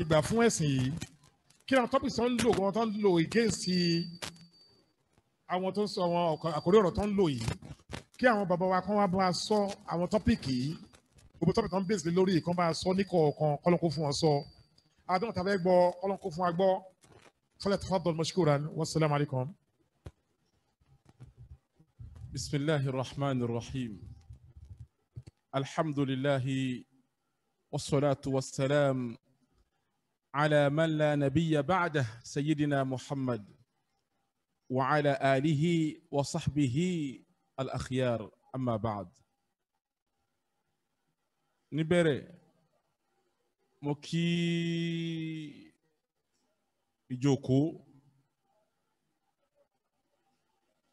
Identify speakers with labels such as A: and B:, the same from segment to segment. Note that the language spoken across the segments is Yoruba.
A: ìgbà fún ẹ̀sìn yìí kí àwọn topics tó ń lò wọn tó ń lò against àwọn tó ń sọ wọn àkórí ọ̀rọ̀ tó ń lò yìí kí àwọn bàbá wa kán wá bá a sọ àwọn topic yìí gbogbo topic tó bèsè lórí kán bá a sọ ní kọ̀ọ̀kan kọ́lọ́n fún wọn sọ àdéhùn tàbí gbọ́ kọ́lọ́n fún wa gbọ́ fọlẹ̀ tó fàdọ̀ mọ́ṣúkúran wassalamu alaikum. bismillahir rahmanir rahim alhamdulillahi. والصلاة والسلام على من لا نبي بعده سيدنا محمد وعلى آله وصحبه الأخيار أما بعد نبري مكي جوكو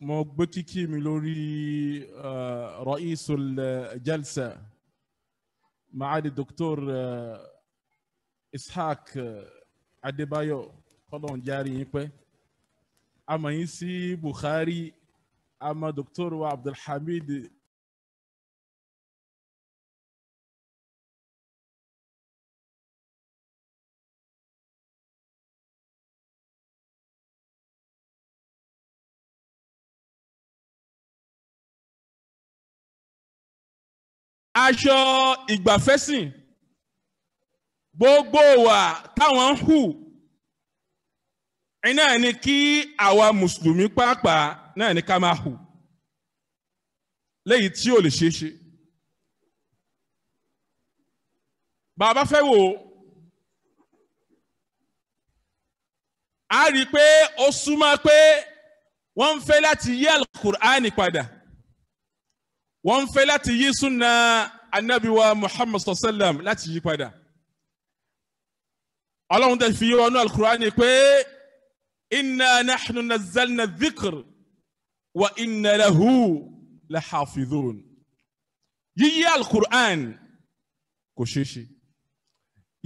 A: مبتكي ملوري آه، رئيس الجلسه معالي الدكتور Ishaq Adébáyọ̀ kọ́lọ́n járe yín pẹ́ a mọ̀ yín sí Bukhari a mọ̀ dr wa Abdulhamid aṣọ ìgbàfẹ́sìn gbogbo wa táwọn ń hù iná ni kí àwa mùsùlùmí pàápàá náà ni ká máa hù léyìí tí ò lè ṣeé ṣe. bàbá fẹ́ wò ó a rí i pé ó súnmọ́ pé wọ́n ń fẹ́ láti yí alukur'ani padà wọ́n fẹ́ láti yí súnà anabiwa muhammad sallam láti yí padà ọlọ́run tẹ̀ fi yí wọnú alukur'ani pé inna nahnu nazzalna dhikr wa inna lahu lahafidhun yíyí alukur'an kò ṣeé ṣe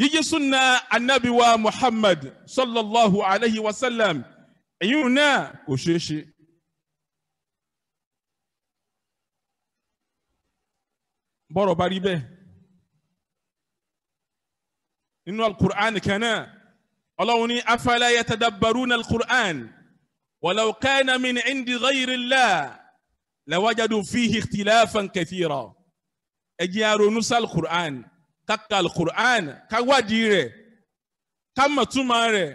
A: yíyí súnà anabiwa muhammad sallallahu alayhi wa sallam èyí náà kò ṣeé bọ́rọ̀ bá rí bẹ́ẹ̀ nínú alukur'an kan náà ọlọ́run ní afala yatadabbaruna alukur'an walau kana min indi ghayrillah lawajadu fihi ikhtilafan kathira ẹ jẹ́ á ronú sí alukur'an ká ka alukur'an ká rẹ̀ ká túmọ̀ rẹ̀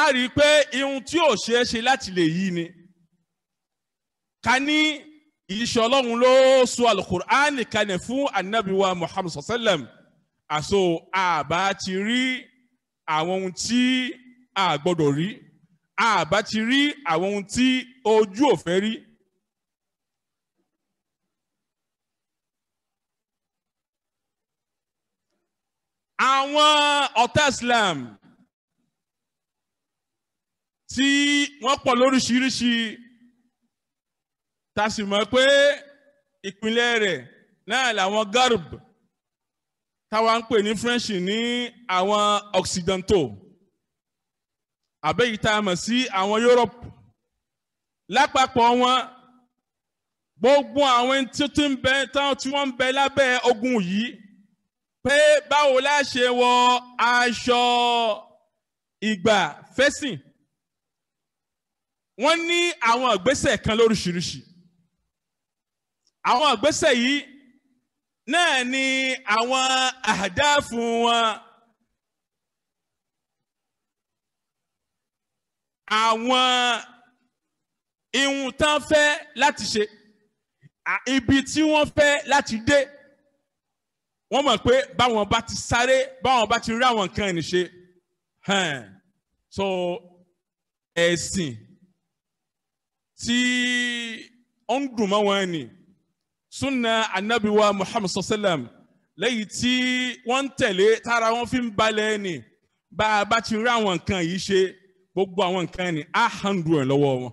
A: a rí i pé ihun tí ò ṣeé ṣe láti lè yí ni ká ní iṣẹ́ ọlọ́run ló sọ alukur'an kalẹ̀ fún anabiwa muhammad sallam àso àbá ti rí àwọn ohun tí a gbọ́dọ̀ rí àbá ti rí àwọn ohun tí ojú ò rí. àwọn ọ̀tá islam tí wọ́n pọ̀ lóríṣiríṣi tá sì mọ̀ pé ìpínlẹ̀ rẹ̀ náà làwọn garb táwa ń pè ní french ní àwọn occidental àbẹ́yìí tá a mọ̀ sí àwọn europe lápapọ̀ wọn gbogbo àwọn tí tí ń bẹ tán tí wọ́n ń bẹ lábẹ́ ogun yìí pé báwo la ṣe wọ aṣọ ìgbà fẹ́sìn wọ́n ní àwọn ìgbésẹ̀ kan lóríṣiríṣi àwọn ìgbésẹ̀ yìí náà ni àwọn àdáàfù wọn àwọn ihun tán fẹ́ láti ṣe ibi tí wọ́n fẹ́ láti dé wọ́n mọ̀ pé báwọn bá ti sáré báwọn bá ti rí àwọn nǹkan ẹni ṣe so ẹ̀sìn tí ó ń dùn mọ́ wọn ni sunna anabiwa muhammad sallam lẹ́yìn tí wọ́n ń tẹ̀lé tára wọn fi ń balẹ̀ ni bá a bá ti rí àwọn nǹkan yìí ṣe gbogbo àwọn nǹkan ni á hàndù ẹ̀ lọ́wọ́ wọn.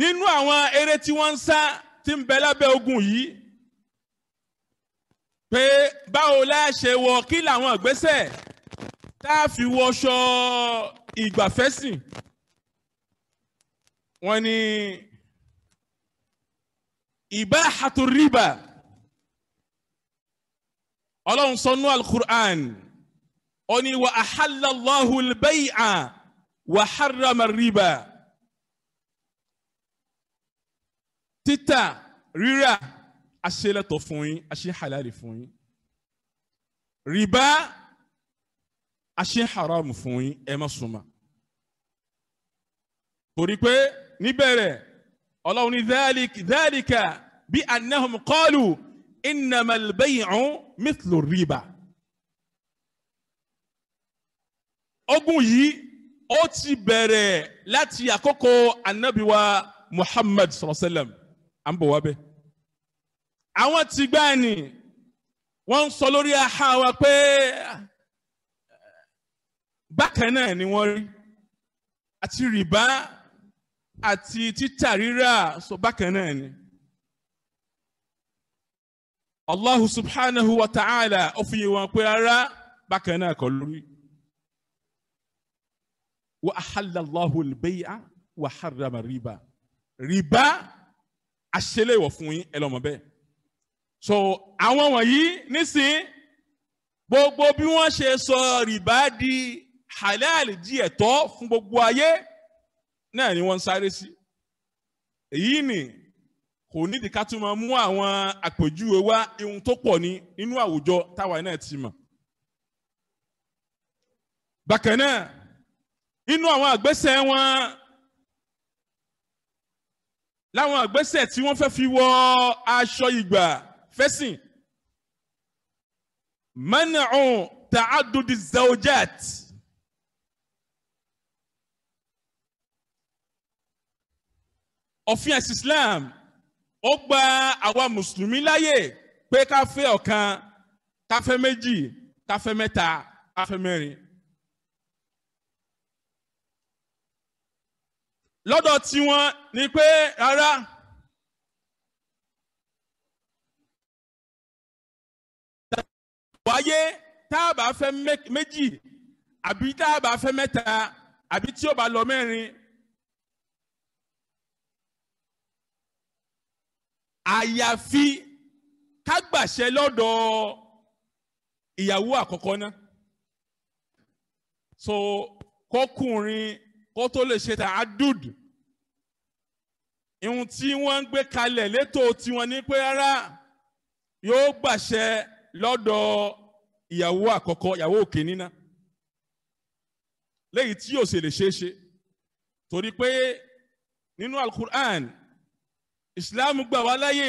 A: nínú àwọn eré tí wọ́n ń sá tí ń bẹ lábẹ́ ogun yìí pé báwo la ṣe wọ kí làwọn ìgbésẹ̀ tá a fi wọṣọ ìgbàfẹ́sìn wọ́n ní ìbáhàtú rìbá ọlọ́run sọnú alukur'an ó ní wa ahallallahu albay'a wa harrama rìbá títà rírà aṣẹ́lẹ̀tọ̀ fún yín aṣẹ́ halali fún yín rìbá aṣẹ́ haramu fún yín ẹ má súnmọ́ torí pé níbẹ̀rẹ̀ ọlọ́run ní dhalika bí annahum qalu innamal bay'u mithlu riba. ogun yìí ó ti bẹ̀rẹ̀ láti àkókò anabiwa muhammad sọ̀rọ̀sẹ́lẹ̀m à ń bọ̀ wá bẹ́ẹ̀. àwọn tí gbá ni wọ́n ń sọ lórí aha wa pé bákan náà ni wọ́n rí àti rìbá àti títà rírà sọ bákan náà ni. Allahu subhanahu wa ta'ala ó fi yẹn wọn pé rárá bákan náà kọ́ lórí. Wa ahalla Allahu al-bay'a wa harrama riba. Riba àṣẹlẹ̀wọ̀ fún yín ẹ lọ́mọ bẹ́ẹ̀. So àwọn wọ̀nyí nísìnyí gbogbo bí wọ́n ṣe sọ rìbá di halal di ẹ̀tọ́ fún gbogbo ayé náà ni wọ́n ń sáré sí èyí ni kò nídìí ká tún máa mú àwọn àpèjúwe wá ihun tó pọ̀ ní inú àwùjọ táwa náà ti mọ̀ bákan náà inú àwọn àgbésẹ̀ wọn láwọn àgbésẹ̀ tí wọ́n fẹ́ fi wọ aṣọ ìgbà fẹ́sìn man'u ta'addud az-zawjat. òfin ẹ̀sìn Islam ó gba àwa mùsùlùmí láyè pé ká fẹ́ ọ̀kan ká fẹ́ méjì ká fẹ́ mẹ́ta ká fẹ́ mẹ́rin. lọ́dọ̀ tiwọn ni pé rárá. wáyé tá a bá fẹ́ méjì àbí tá a bá fẹ́ mẹ́ta àbí tí ó bá lọ mẹ́rin àyàfi ká gbàṣẹ lọ́dọ̀ ìyàwó àkọ́kọ́ náà so kọkùnrin kó tó lè ṣe ta'adud ihun tí wọ́n ń gbé kalẹ̀ létò tiwọn ní pé rárá yóò gbàṣẹ lọ́dọ̀ ìyàwó àkọ́kọ́ ìyàwó òkè nínà léyìí tí yóò ṣe lè ṣeé torí pé nínú alukur'an islam gbà wá láyè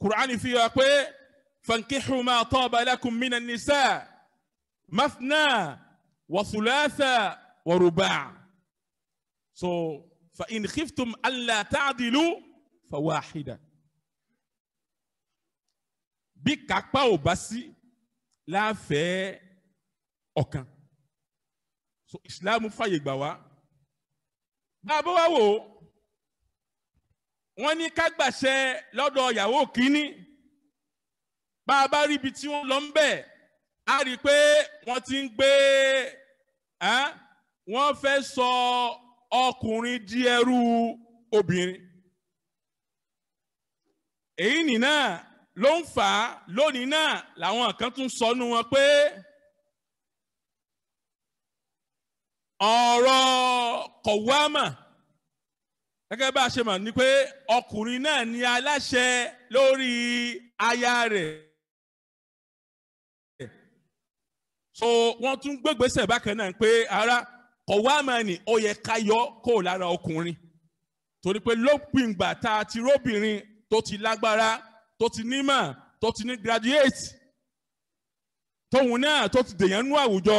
A: kùránì fi hàn pé fankihu ma taba lakum minan nisa mafna wa thulatha wa ruba' so fa in khiftum alla ta'dilu fa wahida bí kápá ò bá sí láàfẹ́ ọ̀kan so islam fàyè gbà wá bá a bá wá wò ó wọ́n ní ká gbàṣẹ lọ́dọ̀ yàwó kínní bá a bá rí ibi tí wọ́n lọ ń bẹ̀ á rí i pé wọ́n ti ń gbé wọ́n fẹ́ sọ ọkùnrin di ẹrú obìnrin èyí nìna ló ń fà á lónìí náà làwọn kan tún sọnù wọn pé ọ̀rọ̀ kọ̀wámà gẹ́gẹ́ bá a ṣe mọ̀ ni pé ọkùnrin náà ni aláṣẹ lórí aya rẹ̀. so wọ́n tún gbégbèsè bákan náà pé ara ọ̀wá máa nì ó yẹ ká yọ kó lára ọkùnrin torí pé lópin ìgbà tá a ti róbìnrin tó ti lágbára tó ti nímọ̀ tó ti ní graduate tóun náà tó ti dèyàn nú àwùjọ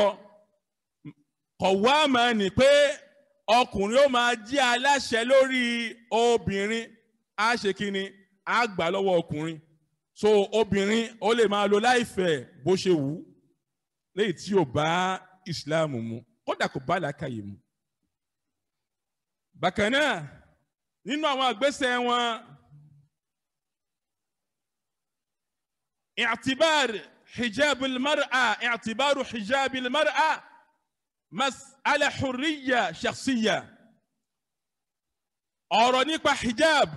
A: ọ̀wá máa nì pé ọkùnrin ó máa jẹ́ aláṣẹ lórí obìnrin á ṣe kínni á gbà lọ́wọ́ ọkùnrin so obìnrin ó lè máa lo láìfẹ́ bó ṣe wù ú léyìí tí ò bá ìsìláàmù mu kódà kò bá làákàyè mu. bákan náà nínú àwọn àgbésẹ̀ wọn i'tibar hijab al-mar'a hijab al mas'ala hurriya shakhsiya ọ̀rọ̀ nípa hijab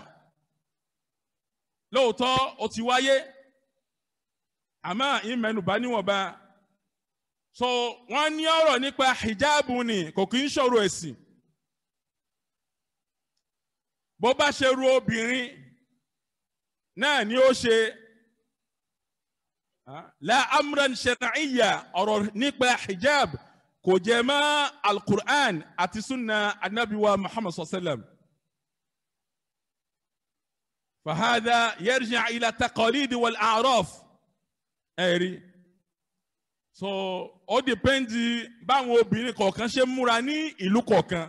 A: lóòótọ́ ó ti wáyé àmọ́ ìmẹ̀nùbá níwọ̀nba so wọ́n ní ọ̀rọ̀ nípa hijab ni kò kí ń ṣòro ẹ̀sìn bó bá ṣe ru obìnrin náà ni ó ṣe ah, la amran shar'iyya ọ̀rọ̀ nípa hijab kò jẹ mọ́ alukur'an àti sunna anabiwa muhammad sallam fahadà yarji'u ila taqalidi wal a'raf ẹ̀rí so ó dìpẹ́ndì báwọn obìnrin kọ̀ọ̀kan ṣe múra ní ìlú kọ̀ọ̀kan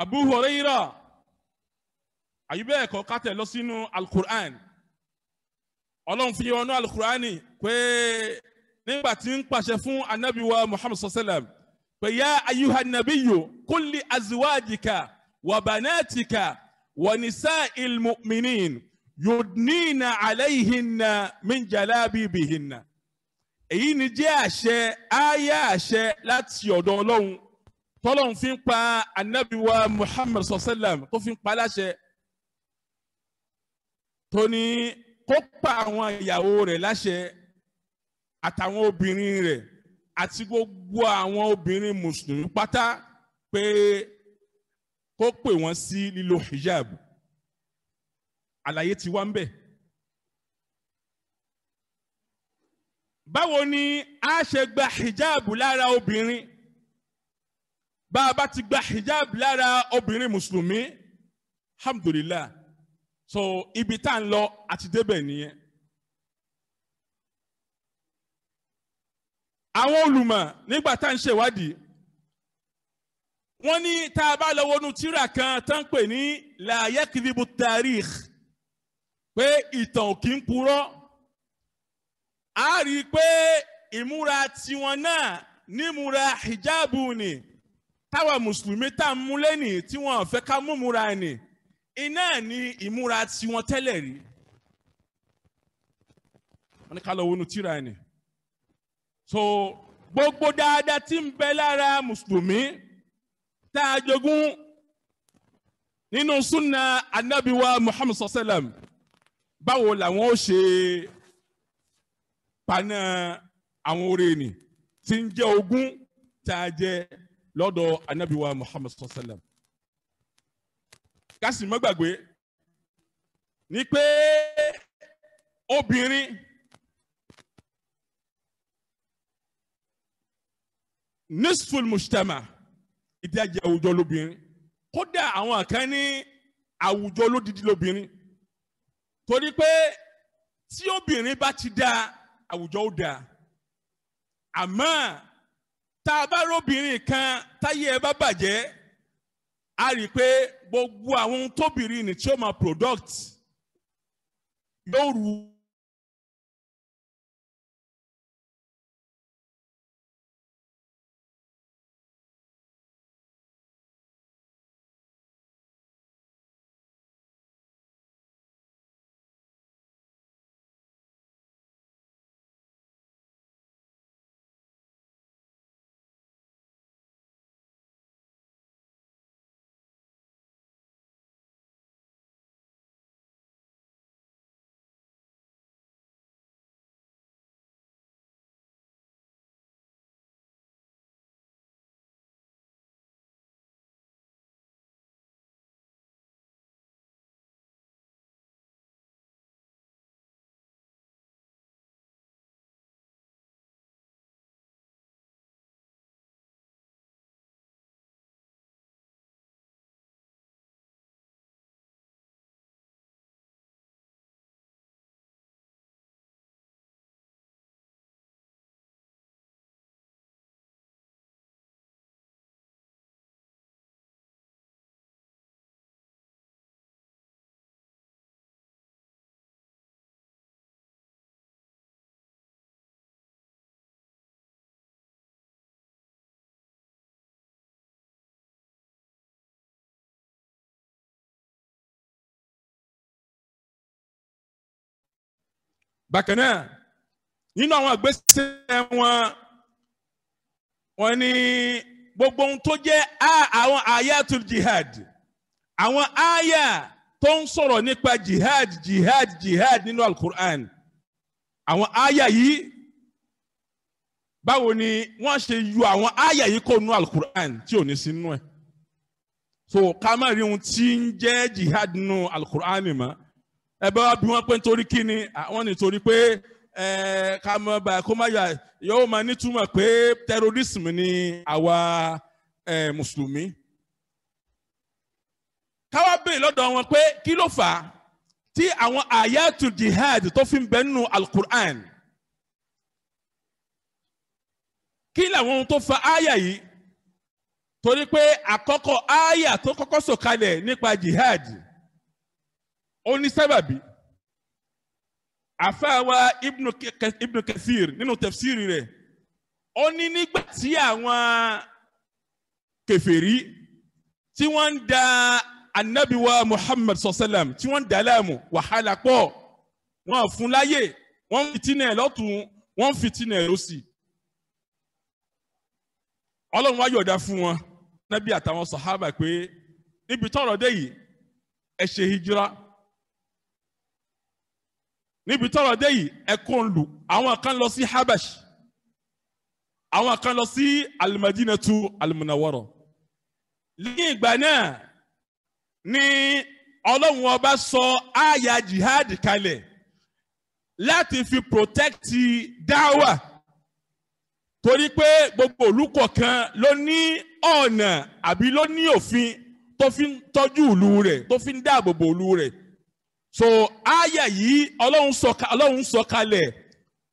A: abu huraira àyùbẹ́ ẹ̀kọ́ lọ sínú alukur'an ọlọ́run fi wọnú alukur'ani pé nígbà tí ń pàṣẹ fún anabiwa muhammad sallam pé yá ayuha nabiyu kulli azuwajika wa banatika wa nisa ilmuminin yudnina alayhinna min jalabibihinna. èyí ni jẹ́ àṣẹ àyà àṣẹ láti ọ̀dọ̀ ọlọ́run tọ́lọ́run fi ń pa anabiwa muhammad sallam tó fi ń pa láṣẹ tó kó pa àwọn ìyàwó rẹ̀ láṣẹ àtàwọn obìnrin rẹ̀ àti gbogbo àwọn obìnrin mùsùlùmí pátá pé kó pè wọ́n sí lílo hijab àlàyé ti wá ń bẹ̀. báwo ni a ṣe gba hijab lára obìnrin bá a bá ti gba hijab lára obìnrin mùsùlùmí alhamdulillah so ibi tá à ń lọ àti débẹ̀ nìyẹn. àwọn olùmọ̀ nígbà tá à ń ṣèwádìí wọ́n ní tá a bá lọ wọnú tírà kan tó ń pè ní la yakdhibu tarikh pé ìtàn ò kí ń purọ́ a rí i pé ìmúra tiwọn náà nímúra hijabu ni táwa mùsùlùmí tá a mú lẹ́nìí tí wọ́n fẹ́ ká mú ni iná ni ìmúra tiwọn tẹ́lẹ̀ rí wọ́n ní ká lọ wọnú tírà ni so gbogbo dáadáa tí ń bẹ lára mùsùlùmí tá a jogún nínú súnà anábìwá muhammad sallam báwo làwọn ó ṣe paná àwọn oore ni tí ń jẹ́ ogún tá a jẹ lọ́dọ̀ anábìwá muhammad sallam kásìmọ́ gbàgbé ni pé obìnrin. nisful mujtama ìdajì àwùjọ lóbìnrin kódà àwọn kan ní àwùjọ lódìdí lóbìnrin torí pé tí obìnrin bá ti dáa àwùjọ ó dáa àmọ́ tá a bá róbìnrin kan táyé ẹ bá bàjẹ́ a rí i pé gbogbo àwọn tóbìnrin ní tí ó máa product yóò rú bákan náà nínú àwọn ìgbésẹ̀ wọn wọn ní gbogbo ohun tó jẹ́ àwọn ayatul jihad àwọn aya tó ń sọ̀rọ̀ nípa jihad jihad jihad nínú alukur'an àwọn aya yìí báwo ni wọ́n ṣe yọ àwọn aya yìí kó nínú alukur'an tí ò ní sí nínú ẹ̀ so ká má rí ohun tí ń jẹ́ jihad nínú alukur'an mọ́ ẹ bá wá bí wọ́n pé nítorí kí ni àwọn nítorí pé ẹ ká mọ bá kó má yà yóò máa nítumọ̀ pé terrorism ni àwa ẹ mùsùlùmí. káwá bèè lọ́dọ̀ wọn pé kí ló fà á tí àwọn àyàtú jihad tó fi ń bẹ nínú alukur'an kí làwọn ohun tó fa àyà yìí torí pé àkọ́kọ́ àyà tó kọ́kọ́ sọ̀kalẹ̀ nípa jihad ó ní sábàbí àfáàwá ibnu kathir nínú tafsiri rẹ̀ ó ní nígbà tí àwọn kèfèrí tí wọ́n ń da anabiwa muhammad sallam tí wọ́n ń da láàmú wàhálà pọ̀ wọ́n fún láyè wọ́n fitinẹ lọ́tún wọ́n fitinẹ lọ́sì ọlọ́run wá yọ̀dá fún wọn nábì àtàwọn sàhábà pé níbi tọ́rọ̀ dé yìí ẹ ṣe hijira níbi tọ́rọ̀ dé yìí ẹkún lù àwọn kan lọ sí Habash àwọn kan lọ sí alimadinatu alimunawọrọ lẹ́yìn ìgbà náà ni ọlọ́run ọba sọ àyà jihad kalẹ̀ láti fi protecti dáwà torí pé gbogbo ìlú kọ̀ọ̀kan ló ní ọ̀nà àbí ló ní òfin tó fi ń tọ́jú ìlú rẹ̀ tó fi ń dáàbò bo ìlú rẹ̀ so àyà yìí ọlọ́run sọ̀ka ọlọ́run sọ̀kalẹ̀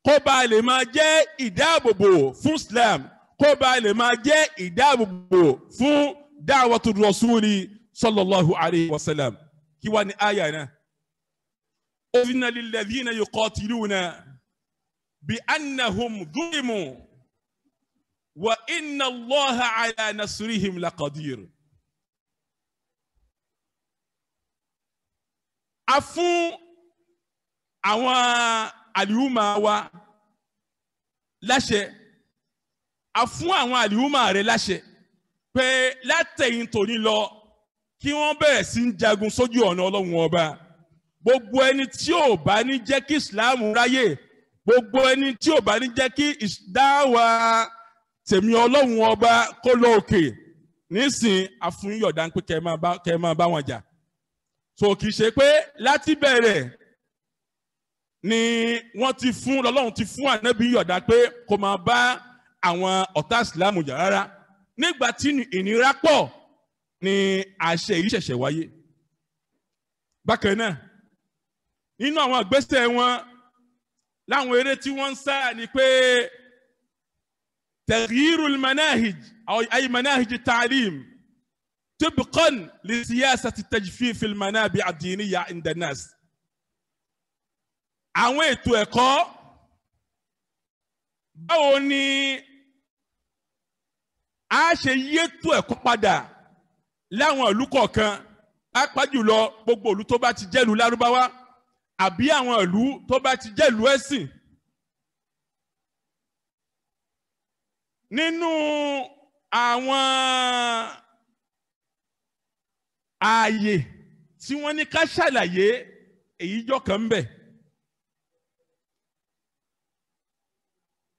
A: kó ba lè máa jẹ́ ìdáàbòbò fún Islam kó ba lè máa jẹ́ ìdáàbòbò fún dáwàtú rasúlì sallallahu alayhi wa sallam kí wàá ní àyà náà. أذن للذين يقاتلون بأنهم ظلموا وإن الله على نصرهم لقدير a fún àwọn àlìhùmà wa láṣẹ a fún àwọn àlìhùmà rẹ láṣẹ pé látẹ̀yìn tòní lọ kí wọ́n bẹ̀rẹ̀ sí ń jagun sójú ọ̀nà ọlọ́run ọba gbogbo ẹni tí ò bá ní jẹ́ kí islam ráyè gbogbo ẹni tí ò bá ní jẹ́ kí ìdáwà tèmi ọlọ́run ọba kó lọ òkè nísìn àfúnyọ̀dá pé kẹ́ ẹ máa bá wọn jà so kì í ṣe pé láti bẹ̀rẹ̀ ni wọ́n ti fún lọ́lọ́run ti fún ànábì yọ̀dá pé kó máa bá àwọn ọ̀tá ìsìlámù jà rárá nígbà tí ìnira pọ̀ ni àṣẹ yìí ṣẹ̀ṣẹ̀ wáyé bákan náà nínú àwọn ìgbésẹ̀ wọn láwọn eré tí wọ́n ń sá ni pé taghyirul manahij ay manahij ta'lim. طبقا لسياسة تجفيف المنابع الدينية عند الناس àwọn ètò ẹ̀kọ́ báwo ni a ṣe yétò ẹ̀kọ́ padà láwọn ìlú kọ̀ọ̀kan pàápàá jùlọ gbogbo ìlú tó bá ti jẹ́ ìlú lárúbáwá àbí àwọn ìlú tó bá ti jẹ́ ìlú ẹ̀sìn nínú àwọn ààyè tí wọ́n ní ká ṣàlàyé èyí jọ kàn ń bẹ̀.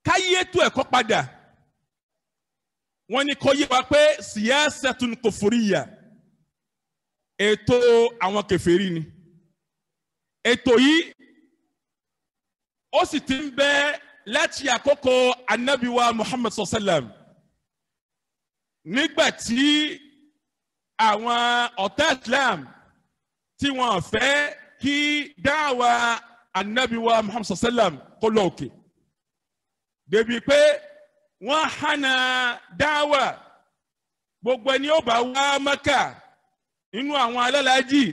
A: káyé tó ẹ̀kọ́ padà wọ́n ní kó yé wa pé siyasatun kufuriya ètò àwọn kèfèrí ni ètò yìí ó sì ti ń bẹ láti àkókò anabiwa Muhammad sallam nígbà tí àwọn ọ̀tá Islam tí wọ́n fẹ́ kí dáwà anabiwa Muhammad sallam kó lọ òkè débi pé wọ́n hànà dáwà gbogbo ẹni ó bá wá Mẹ́kà nínú àwọn alálàájì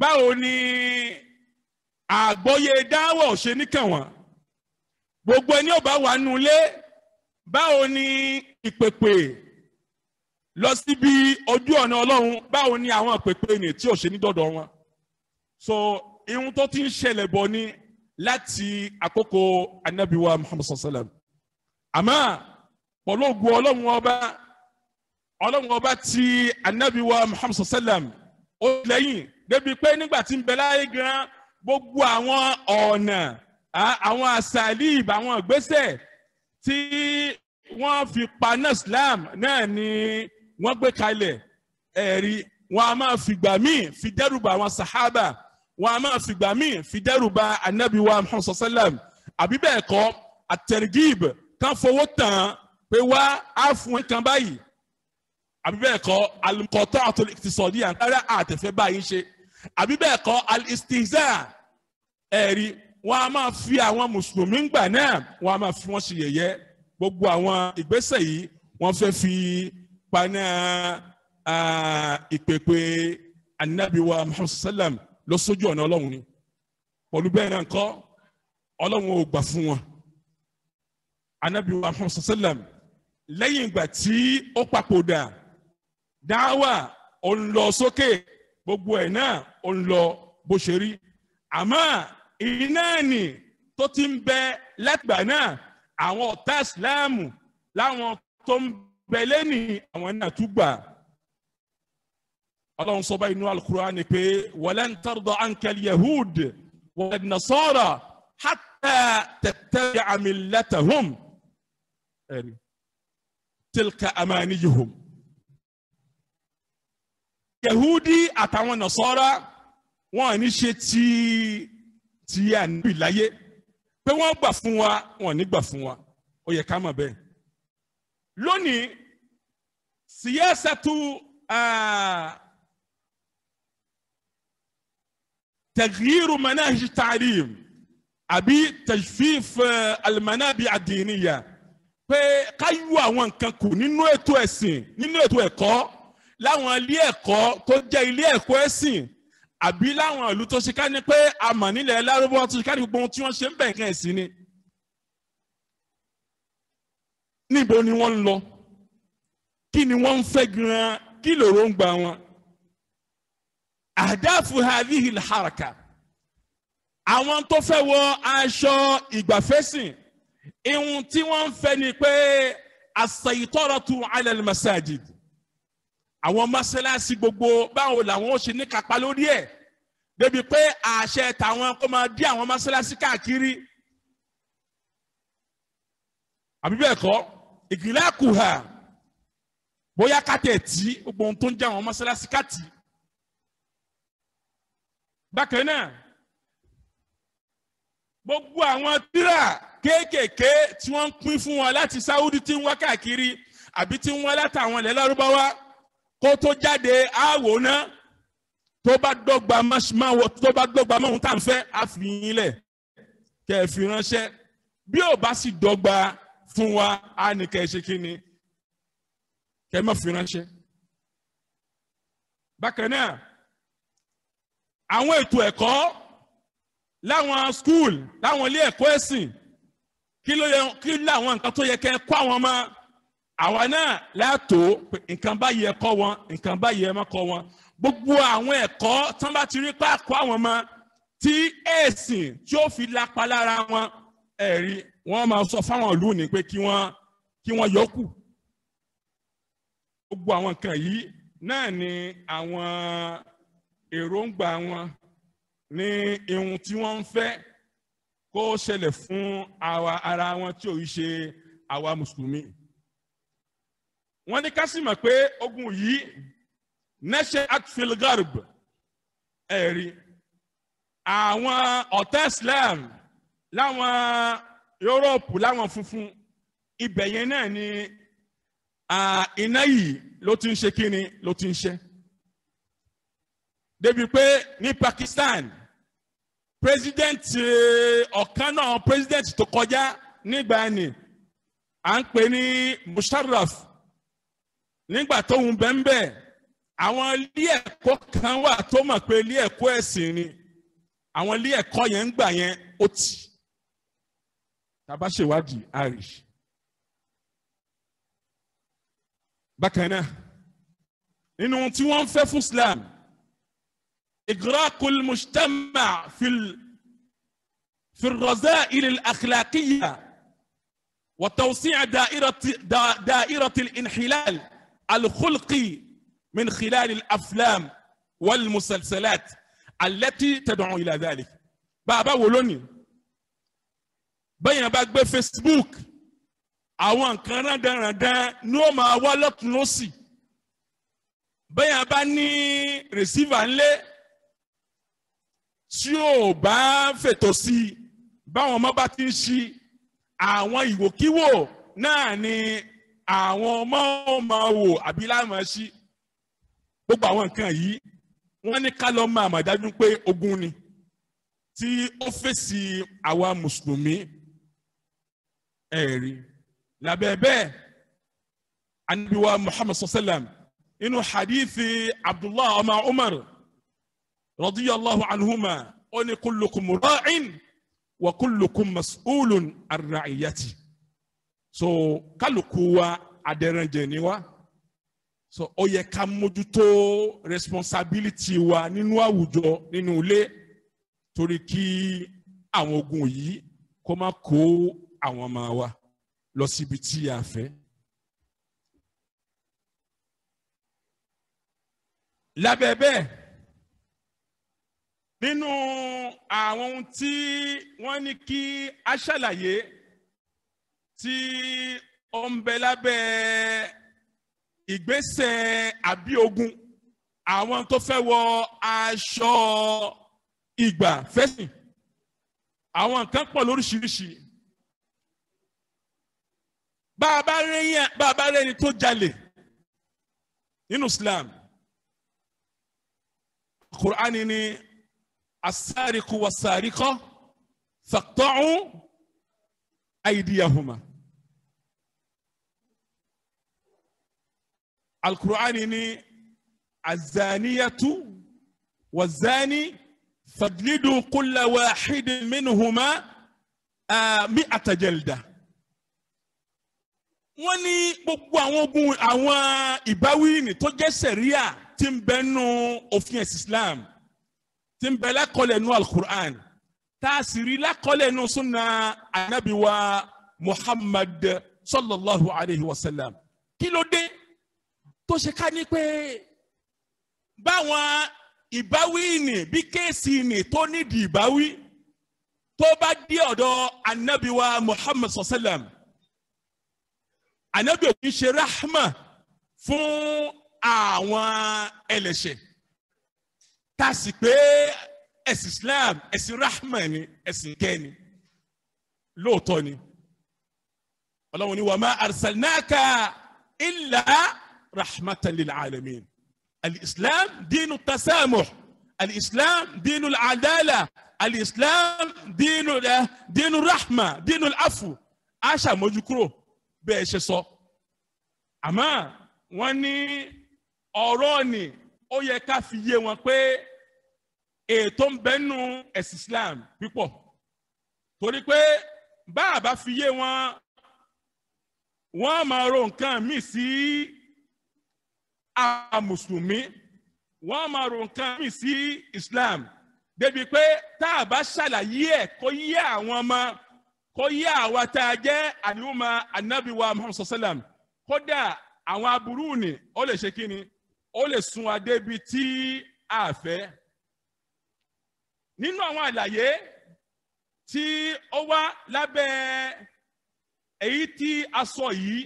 A: báwo ni àgbọ́yé dáwà ò ṣe wọ́n gbogbo ẹni ó bá wà nulẹ̀ báwo ni ìpèpè lọ síbi ojú ọ̀nà ọlọ́run báwo ni àwọn pèpè ni tí ò ṣe ní dọ̀dọ̀ wọn so irun tó ti ń ṣẹlẹ̀ bọ̀ ni láti àkókò anabiwa muhammad sallam àmọ́ pẹ̀lú ògùn ọlọ́run ọba ọlọ́run ọba ti anabiwa muhammad sallam ó lẹ́yìn débi pé nígbà tí ń bẹ láyé gan gbogbo àwọn ọ̀nà àwọn àṣàlíb àwọn ìgbésẹ̀ tí wọ́n fi pa náà islam náà ni wọ́n gbé kalẹ̀ ẹ̀rí wọ́n a máa fìgbà míì fi dẹ́rùbà àwọn sàhábà wọ́n a máa fìgbà míì fi dẹ́rùbà anabi wa muhammad sallam àbí bẹ́ẹ̀ kọ́ àtẹ̀rìgìb kan fowó tán pé wá á fún kan báyìí àbí bẹ́ẹ̀ kọ́ alimkọ́tọ́ àtúntò ìtìsọ̀dí àǹkárá báyìí ṣe àbí bẹ́ẹ̀ kọ́ alistihza ẹ̀rí wọ́n a máa fi àwọn mùsùlùmí ńgbà náà wọ́n a máa fi wọ́n ṣe yẹ̀yẹ́ gbogbo àwọn ìgbésẹ̀ yìí wọ́n fẹ́ fi paná ìpèpè anabiwa muhammadu sallam lọ sójú ọ̀nà ọlọ́run ni pẹ̀lú bẹ́ẹ̀ náà kọ́ ọlọ́run ò gbà fún wọn anabiwa muhammadu sallam lẹ́yìn ìgbà tí ó papòdà dáwà ó ń lọ sókè gbogbo ẹ̀ náà ó ń lọ bó ṣe rí àmọ́ iná ni tó ti ń bẹ lẹ́gbàá náà àwọn ọ̀tá ìsìláàmù láwọn tó ń bẹ́ẹ̀ lẹ́nì àwọn náà tún gbà ọlọ́run sọ báyìí nínú alukur'an pé walan tarda ankal yahud wala nasara hatta tattabi'a millatahum tilka amaniyuhum yahudi àtàwọn nasara wọn ní ṣe tí tí ànábì láyé pé wọ́n gbà fún wa wọn ní gbà fún wa ó yẹ ká mọ̀ bẹ́ẹ̀ lónìí siyasatu تغيير مناهج التعليم àbí تجفيف المنابع الدينية pé ká yọ àwọn nǹkan kù nínú ètò ẹ̀sìn nínú ètò ẹ̀kọ́ láwọn ilé ẹ̀kọ́ tó jẹ́ ilé ẹ̀kọ́ ẹ̀sìn àbí láwọn ìlú tó ṣe ká ní pé àmọ̀ lárúbọ́ tó ṣe ká ní gbogbo ohun tí wọ́n ṣe ń bẹ̀ nǹkan ẹ̀sìn ni níbo ni wọ́n ń lọ kí ni wọ́n ń fẹ́ gan-an kí lòró ń gba wọn. àdáàfù hadhihi alharaka àwọn tó fẹ́ wọ aṣọ ìgbàfẹ́sìn ihun tí wọ́n ń fẹ́ ni pé as-saytaratu àwọn mọ́sálásí gbogbo báwo làwọn ó ṣe ní kápá lórí ẹ̀ débi pé àṣẹ tàwọn kó máa dí àwọn mọ́sálásí káàkiri àbí bẹ́ẹ̀ kọ́ ìgìlẹ̀ àkùhà bóyá kátẹ̀ tí gbogbo ohun tó ń jẹ́ àwọn mọ́sálásí kàtì. bákan náà gbogbo àwọn tírà kéékèèké tí wọ́n ń pín fún wọn láti sáúdí tí ń wá káàkiri àbí tí ń wá látàwọn ilẹ̀ lárúbáwá kó tó jáde àwò náà tó bá dọ́gba máwọ tó bá dọ́gba máwọ tá à ń fẹ́ àfihàn lẹ̀ kẹ́ fi ránṣẹ́ bí ò bá sì dọ́gba fún wa á ní kẹ́ ẹ ṣe kí ni kẹ́ ẹ má fi ránṣẹ́. bákan náà àwọn ètò ẹ̀kọ́ láwọn skul láwọn ilé ẹ̀kọ́ ẹ̀sìn kí ló yẹ kí láwọn nǹkan tó yẹ kẹ́ ẹ kọ́ àwọn ọmọ àwa náà látò nǹkan báyìí ẹ kọ́ wọn nǹkan báyìí ẹ má kọ́ wọn gbogbo àwọn ẹ̀kọ́ tán bá ti rí pàkó àwọn ọmọ tí ẹ̀sìn tí ó fi lápa lára wọn ẹ̀rí wọ́n máa sọ fáwọn ìlú ní pé kí wọ́n kí wọ́n yọkù gbogbo àwọn nǹkan yìí náà ni àwọn èròǹgbà wọn ní ihun tí wọ́n ń fẹ́ kó ṣẹlẹ̀ fún àwa ara wọn tí ò ń ṣe àwa mùsùlùmí wọ́n ní ká pé ogun yìí nẹ́ṣẹ́ atfilgarb ẹ̀rí àwọn ọ̀tá Islam láwọn yúróòpù láwọn funfun ibẹ̀ yẹn náà ni iná yìí ló ti ń ṣe kíni ló ti ń ṣe débi pé ní Pakistan president e, ọ̀kan náà president tó kọjá nígbà ni à ń pè ní Musharraf nígbà tóun bẹ́ńbẹ́ àwọn ilé ẹ̀kọ́ kan wà tó mọ̀ pé ilé ẹ̀kọ́ ẹ̀sìn ni àwọn ilé ẹ̀kọ́ yẹn ń gbà yẹn ó tì tàbá ṣèwádìí àrì bákan náà nínú tí wọ́n fẹ́ fún Islam إغراق المجتمع في في الرذائل الأخلاقية وتوسيع دائرة دائرة الانحلال الخلقي من خلال الأفلام والمسلسلات التي تدعو إلى ذلك بابا ولوني bẹ́yìn bá gbé Facebook àwọn nǹkan rádaràdán ni ó máa wá lọ́tún lọ́sì bẹ́yìn bá ní receiver ńlẹ́ tí ò bá fètò sí i báwọn ọmọ bá ti ń ṣí àwọn ìwòkíwò náà ni àwọn ọmọ máa wò àbí láàmú ṣí gbogbo àwọn nǹkan yìí wọ́n ní ká lọ́ọ́ máa mọ̀ dájú pé ogun ni tí ó fèsì àwa mùsùlùmí ẹ̀rí lábẹ́ bẹ́ẹ̀ anabiwa muhammad sallam inú hadithi abdullah ọmọ umar radiyallahu anhuma ó ní kullukum ra'in wa kullukum mas'ulun an ra'iyati so kálukú wa adẹranjẹ ni wa so ó yẹ ká mójútó responsibility wa nínú àwùjọ nínú ilé torí kí àwọn ogun yìí kó má kó àwọn ọmọ wa lọ síbi tí a fẹ́. lábẹ́ bẹ́ẹ̀ nínú àwọn ohun tí wọ́n ní kí a ṣàlàyé tí ó ń bẹ lábẹ́ ìgbésẹ̀ àbí ogun àwọn tó fẹ́ wọ aṣọ ìgbà fẹ́sìn àwọn nǹkan pọ̀ lóríṣiríṣi bàbá rẹ̀yìn bàbá rẹ̀yìn tó jalè nínú Islam Qur'ani ni asariku wasarikọ faqta'u aydiyahuma Al-Qur'ani ni azaniyatu wazani fadlidu kulla wahidin minhuma mi'ata jalda. wọ́n ní gbogbo àwọn ogun àwọn ìbáwíìnì tó jẹ́ sẹ̀ríà tí ń bẹ nù òfin ẹ̀sìn Islam tí ń bẹ lákọlẹ̀ nù Al-Qur'an tá a sì rí lákọlẹ̀ nù sunna anabi Muhammad sallallahu alayhi wa sallam kí ló dé tó ṣe ká ní pé báwọn ìbáwíìnì bí kéèsì ìnì tó nídìí ìbáwí tó bá dé ọ̀dọ̀ anabi Muhammad sallallahu alayhi wa sallam ànábì òkú ṣe rahma fún àwọn ẹlẹ́ṣẹ̀ tá a sì pé ẹ̀sìn Islam ẹ̀sìn rahma ni ẹ̀sìn kẹ́ni lóòótọ́ ni ọlọ́run ni wa ma arsalnaka illa rahmatan lil alamin al-Islam dinu tasamuh al dinu adala al eh, dinu rahma dinu al-afu aṣàmójúkúrò bẹ́ẹ̀ ṣe sọ àmọ́ wọ́n ní ọ̀rọ̀ ni ó yẹ ká fi yé wọn pé ètò ń bẹ́nu ẹ̀sìn Islam pípọ̀ torí pé bá a bá fi yé wọn wọ́n máa ro nǹkan míì sí a mùsùlùmí wọ́n máa ro nǹkan míì sí Islam débi pé tá a bá ṣàlàyé ẹ̀ kó yé àwọn ọmọ kó yé àwa tá a jẹ́ àdìmúmọ anabiwa muhammad sallam kódà àwọn aburú ni ó lè ṣe kí ni ó lè sun wa débi tí a fẹ́. nínú àwọn àlàyé tí ó wá lábẹ́ èyí tí a sọ yìí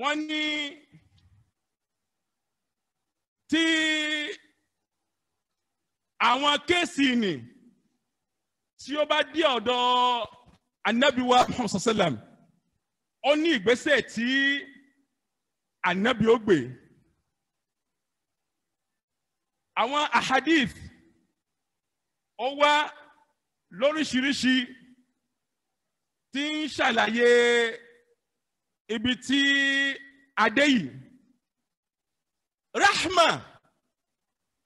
A: wọ́n ní tí àwọn kéèsì ni tí ó bá dé ọ̀dọ̀ anabiwa muhammadu ó ní ìgbésẹ̀ tí anabi ó gbé àwọn ahadith ó wá lóríṣiríṣi tí ń ṣàlàyé ibi tí adé yìí rahma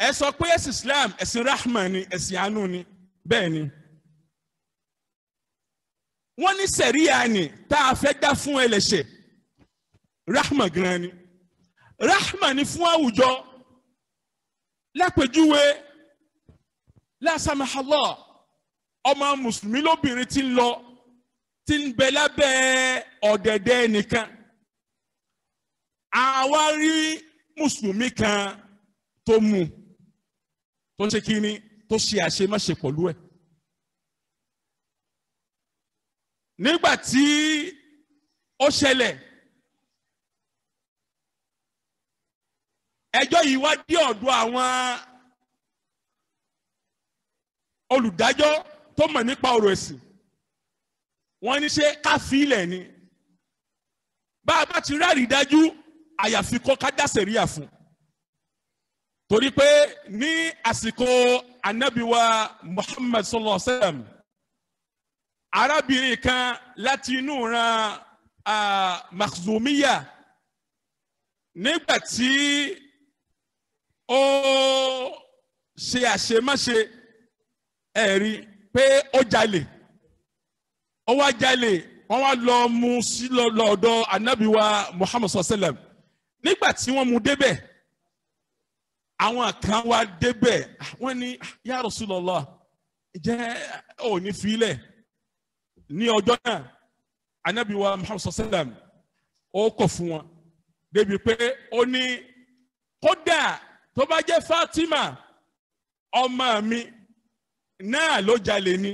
A: ẹ sọ pé ẹsìn islam ẹsìn rahma ni ẹsìn àánú ni bẹ́ẹ̀ ni wọ́n ní sẹ̀ríyà ni tá a fẹ́ dá fún ẹlẹ́ṣẹ̀ rahma gan ni rahma ni fún àwùjọ lápèjúwe lásàmìhàlọ́ ọmọ mùsùlùmí lóbìnrin ti ń lọ ti ń bẹ lábẹ́ ọ̀dẹ̀dẹ̀ nìkan àwa rí mùsùlùmí kan tó mú tó ṣe kíni tó ṣe àṣemáṣe pẹ̀lú ẹ̀. nígbà tí ó ṣẹlẹ̀ ẹjọ́ yìí wá dé ọ̀dọ̀ àwọn olùdájọ́ tó mọ̀ nípa ọ̀rọ̀ ẹ̀sìn wọ́n ní ṣe ká fi ilẹ̀ ni bá a bá ti rárí dájú àyàfi kó ká dá sẹ̀ríà fún torí pé ní àsìkò anabiwa Muhammad sallallahu alaihi wa sallam arábìnrin kan láti inú ran Makhzumiya nígbà tí ó ṣe àṣemáṣe ẹ̀rí pé ó jalè ó wá jalè wọ́n wá lọ mú sí lọ́dọ̀ anábìwa Muhammad sallam nígbà tí wọ́n mú débẹ̀ àwọn kan wá débẹ̀ wọ́n ní ah, ya Rasulullah jẹ́ òní filẹ̀ ní ọjọ́ náà anabi wa muhammad sallam ó kọ̀ fún wọn débi pé ó ní kódà tó bá jẹ́ fatima ọmọ mi náà ló jalè ni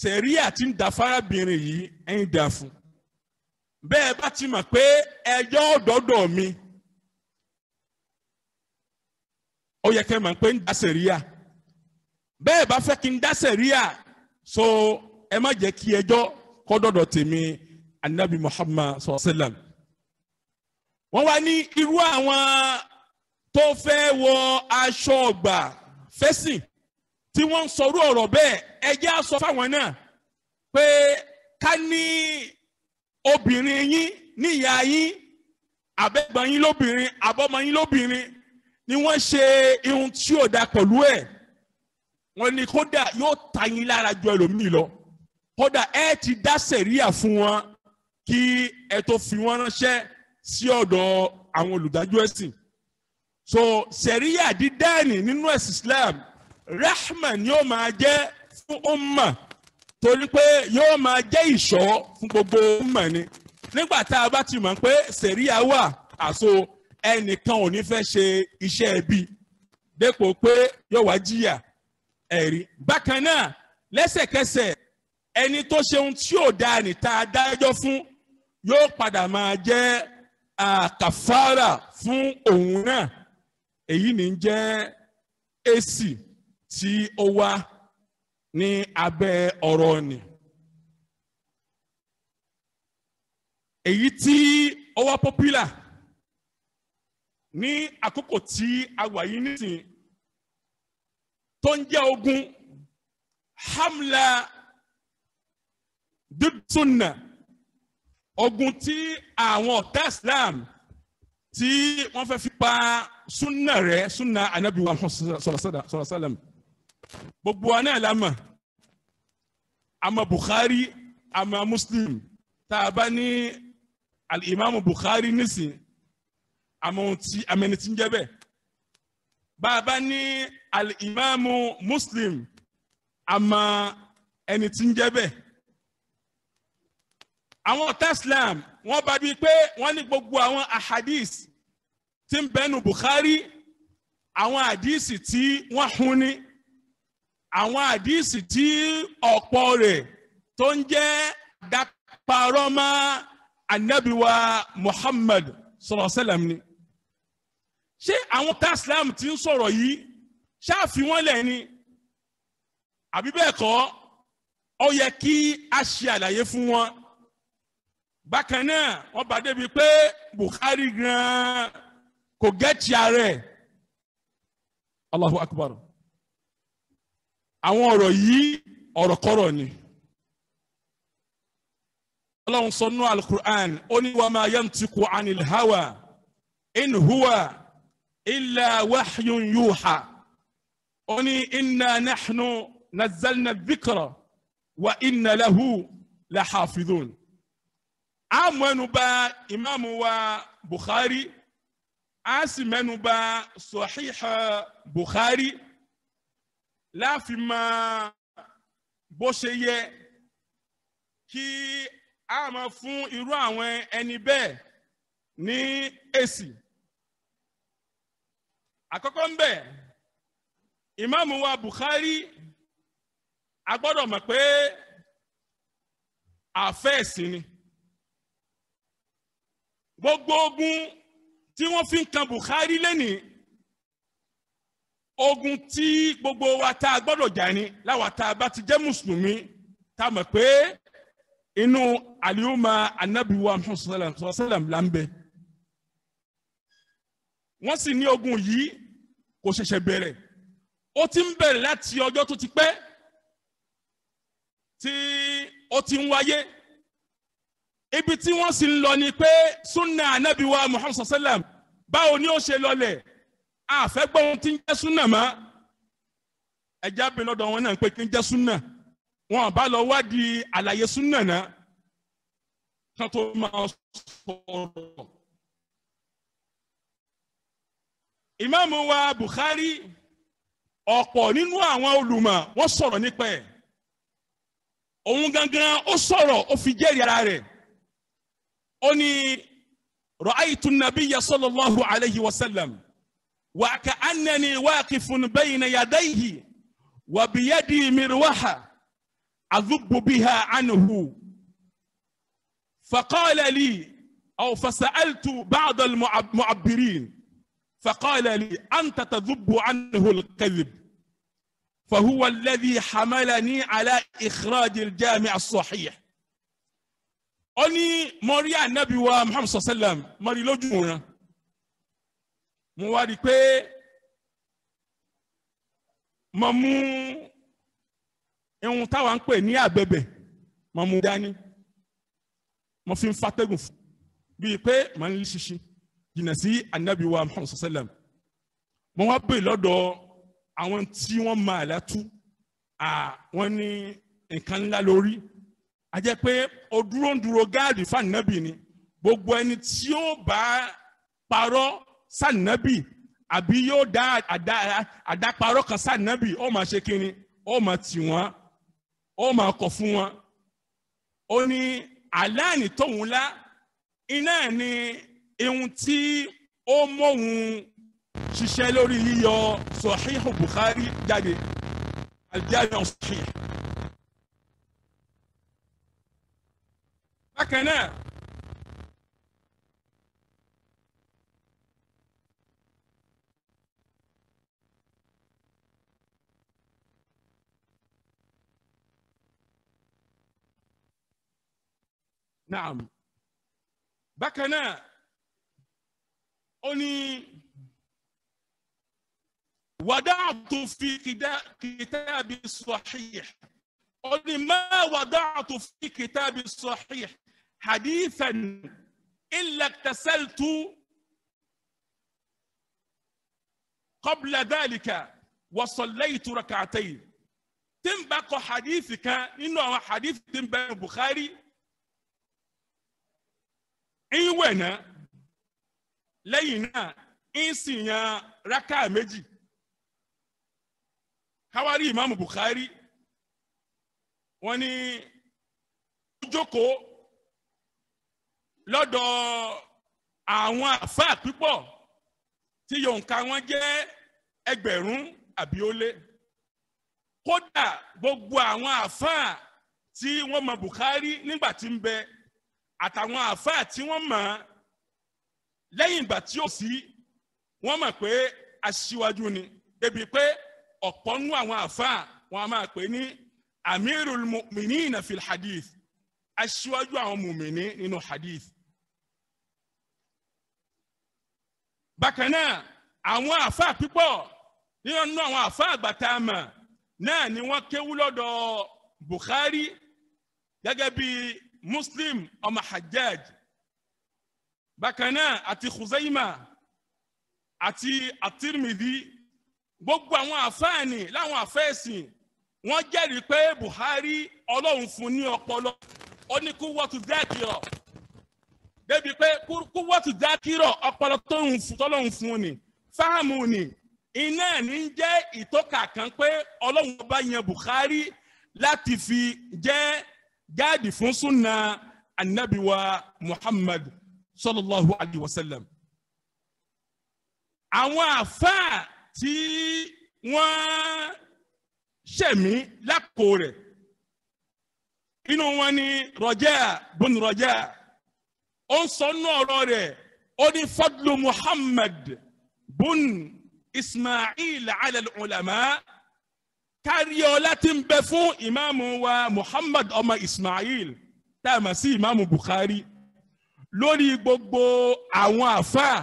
A: sẹ̀ríà tí ń da fárábìnrin yìí ẹ̀ń da fún bẹ́ẹ̀ bá ti mọ̀ pé ẹjọ́ ọ̀dọ́dọ̀ mi ó yẹ kẹ́ mọ̀ pé ń da sẹ̀ríà bẹ́ẹ̀ bá fẹ́ kí n dá sẹ̀ríà so ẹ má jẹ́ kí ẹjọ́ kó tèmi anabi muhammad sallam wọ́n wá ní irú àwọn tó fẹ́ wọ aṣọ ọgbà fẹ́sìn tí wọ́n ń sọrú ọ̀rọ̀ bẹ́ẹ̀ ẹ jẹ́ á sọ fáwọn náà pé ká ní obìnrin yín níyà yín àbẹ́gbọ̀n yín lóbìnrin àbọ́mọ yín lóbìnrin ni wọ́n ṣe irun tí ò da pẹ̀lú ẹ̀ wọ́n ní kódà yóò ta yín lára ju ẹlòmíì lọ kódà ẹ ti dá sẹ̀ríà fún wọn kí ẹ tó fi wọn ránṣẹ́ sí ọ̀dọ̀ àwọn olùdájọ́ ẹ̀sìn so sẹ̀ríà dídẹ́ẹ̀nì nínú ẹ̀sìn Islam rahman yóò máa jẹ́ fún umma torí pé yóò máa jẹ́ ìṣọ́ fún gbogbo umma ni nígbà tá a bá ti mọ̀ pé sẹ̀ríà wà àso ẹnìkan ò ní fẹ́ ṣe iṣẹ́ ẹbí dépò pé yóò wá jìyà ẹ̀rí bákan náà lẹ́sẹ̀kẹsẹ̀ ẹni tó ṣe ohun tí ò dáa níta dájọ́ fún yóò padà máa jẹ́ àkàfàrà fún òun náà èyí ni jẹ́ èsì tí ó wá ní abẹ́ ọ̀rọ̀ ni. èyí tí ó wá popular ní àkókò tí a wà yìí nísìnyí tó ń jẹ́ ogun hamla dídúnà ogun tí àwọn ọ̀tá Islam tí wọ́n fẹ́ fi pa súnà rẹ̀ súnà anabi wa sọ̀rọ̀ sálàm gbogbo wa náà la mọ̀ àmọ́ Bukhari àmọ́ Muslim tá a bá ní al-Imam Bukhari nísìn àmọ́ ẹni tí ń jẹ́ bẹ́ẹ̀ bá a bá ní al Muslim àmọ́ ẹni tí ń jẹ́ bẹ́ẹ̀ àwọn teslam wọ́n bá bíi pé wọ́n ní gbogbo àwọn ahadis tí ń bẹnu Bukhari àwọn àdísì tí wọ́n hun ni àwọn àdísì tí ọ̀pọ̀ rẹ̀ tó ń jẹ́ dáparọ́mà anabiwa Muhammad sallallahu alaihi wasallam ni ṣé àwọn teslam tí ń sọ̀rọ̀ yìí ṣáà fi wọ́n lẹ̀ ni àbí bẹ́ẹ̀ kọ́ ọ yẹ kí a ṣe àlàyé fún wọn bákan náà wọ́n bá débi pé Bukhari gan kò gẹ́tì ààrẹ Allahu Akbar àwọn ọ̀rọ̀ yìí ọ̀rọ̀ kọ́rọ̀ ni ọlọ́run sọ nú alukur'an ó ní wa ma yantiku anil hawa in huwa illa wahyun yuha ó ní inna nahnu nazzalna dhikra wa inna lahu lahafidhun a mẹ́nuba imaamu wa Bukhari a sì mẹ́nuba sọ̀híhà Bukhari láàfin ma bó ṣe yẹ kí a máa fún irú àwọn ẹni bẹ́ẹ̀ ní èsì àkọ́kọ́ ń bẹ̀ wa Bukhari a gbọ́dọ̀ pé àfẹ́ẹ̀sì ni gbogbo ogun tí wọ́n fi ń kan Bukhari lẹ́nìí ogun tí gbogbo wa tá a jà ni láwa tá a bá ti jẹ́ mùsùlùmí tá a mọ̀ pé inú àlìyúmọ̀ anábìwá sọ́sẹ́lẹ̀m là ń bẹ. wọ́n sì ní ogun yìí kò ṣẹ̀ṣẹ̀ bẹ̀rẹ̀ ó ti ń bẹ̀rẹ̀ láti ọjọ́ tó ti pẹ́ tí ó ti ń wáyé ibi tí wọ́n sì ń lọ ni pé sunna anabi wa muhammad sallam báwo ni ó ṣe lọlẹ̀ àfẹ́gbọ́n tí ń jẹ́ sunna ma ẹja bí lọ́dọ̀ wọn náà pé kí ń jẹ́ sunna wọn bá lọ wádìí àlàyé sunna náà kan tó máa sọ̀rọ̀. ìmáàmù wa bukhari ọ̀pọ̀ nínú àwọn olùmọ̀ wọ́n sọ̀rọ̀ nípa ẹ̀ òun gangan ó sọ̀rọ̀ ó fi jẹ́rìí ara rẹ̀ أني رأيت النبي صلى الله عليه وسلم وكأنني واقف بين يديه وبيدي مروحة أذب بها عنه فقال لي أو فسألت بعض المعبرين فقال لي أنت تذب عنه الكذب فهو الذي حملني على إخراج الجامع الصحيح ó ní mọ̀rí ànábì wa muhammed sọ̀sẹ́lẹ̀m mọ̀rí lójú wọn mo wá rí i pé mo mú ihun táwa ń pè ní àgbẹ̀bẹ̀ mo mú dání mo fi ń fatẹ́gùn fún bíi pé mo ń lé jìnnà sí ànábì muhammed sọ̀sẹ́lẹ̀m mo wá bèè lọ́dọ̀ àwọn tí wọ́n máa látú àwọn ní nǹkan ńlá lórí a jẹ́ pé o gáàdì fànàbì ni gbogbo ẹni tí ó bá parọ́ sànàbì àbí yóò dá àdáparọ́ kan sànàbì ó máa ṣe kínni ó máa tì wọ́n ó máa kọ̀ fún wọn. ó ní aláàní tóun lá iná ni ihun tí ó móhun ṣiṣẹ́ lórí yíyọ Sahihu Bukhari jáde aljami sahih. أكنا نعم بكنا أني وضعت في كتاب الصحيح أني ما وضعت في كتاب الصحيح حديثا إلا اغتسلت قبل ذلك وصليت ركعتين تنبقى حديثك إنه حديث تنبقى البخاري ìwẹ̀nà lẹ́yìn náà ń sì yan rákà méjì káwárí ìmáàmù Bukhari wọ́n ní lọ́dọ̀ àwọn àfáà púpọ̀ tí yòǹkà wọn jẹ́ ẹgbẹ̀rún àbí ó lé kódà gbogbo àwọn àfáà tí wọ́n mọ Bukhari nígbà tí ń bẹ àtàwọn àfáà tí wọ́n mọ̀ lẹ́yìn ìgbà tí ó sí wọ́n mọ̀ pé aṣíwájú ni débi pé ọ̀pọ̀ nú àwọn àfáà wọn a máa pè ní amirul mu'minina fil hadith aṣíwájú àwọn mùmìnì nínú hadith bákan náà àwọn àáfàá pípọ̀ nínú àwọn àáfàá àgbàtàmà náà ni wọ́n kéwú lọ́dọ̀ Bukhari gẹ́gẹ́ bí Muslim ọmọ Hajjaj bákan náà àti Khuzaima àti At-Tirmidhi gbogbo àwọn àáfàá ni láwọn àfẹ́sìn wọ́n jẹ́rìí pé Bukhari ọlọ́run fún ní ọpọlọ ó ní kú wọ́tù dákìrọ̀ débi pé kú wọ́tù dákìrọ̀ ọpọlọ tó ń fún tọ́lọ́hún fún ni fáàmù ni iná ní ń jẹ́ ìtọ́ka kan pé ọlọ́run ọba yẹn Bukhari láti fi jẹ́ gáàdì fún súnà anabiwa Muhammad sallallahu alayhi wa sallam àwọn àfáà tí wọ́n ṣẹ̀mí lápò rẹ̀ inú wọn ni rọjá bùn rọjá ó ń sọ nínú ọ̀rọ̀ rẹ̀ ó ní fadlu muhammad bùn ismail alal ulama kárí ọlá tí ń bẹ fún ìmáàmù wa muhammad ọmọ ismail tá a mọ̀ sí ìmáàmù bukhari lórí gbogbo àwọn àfáà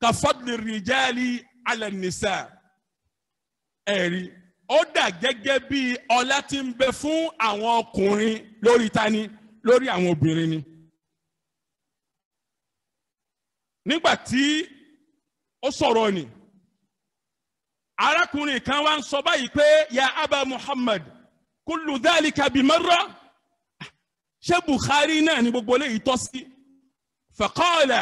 A: ka fadli rijali ala nisa ẹ̀rí ó dà gẹ́gẹ́ bí ọlá tí ń bẹ fún àwọn ọkùnrin lórí tani lórí àwọn obìnrin ni. nígbà tí ó sọ̀rọ̀ ni arákùnrin kan wá ń sọ báyìí pé ya aba muhammad kullu dhalika bimarra ṣé bukhari náà ni gbogbo eléyìí tọ́ sí faqala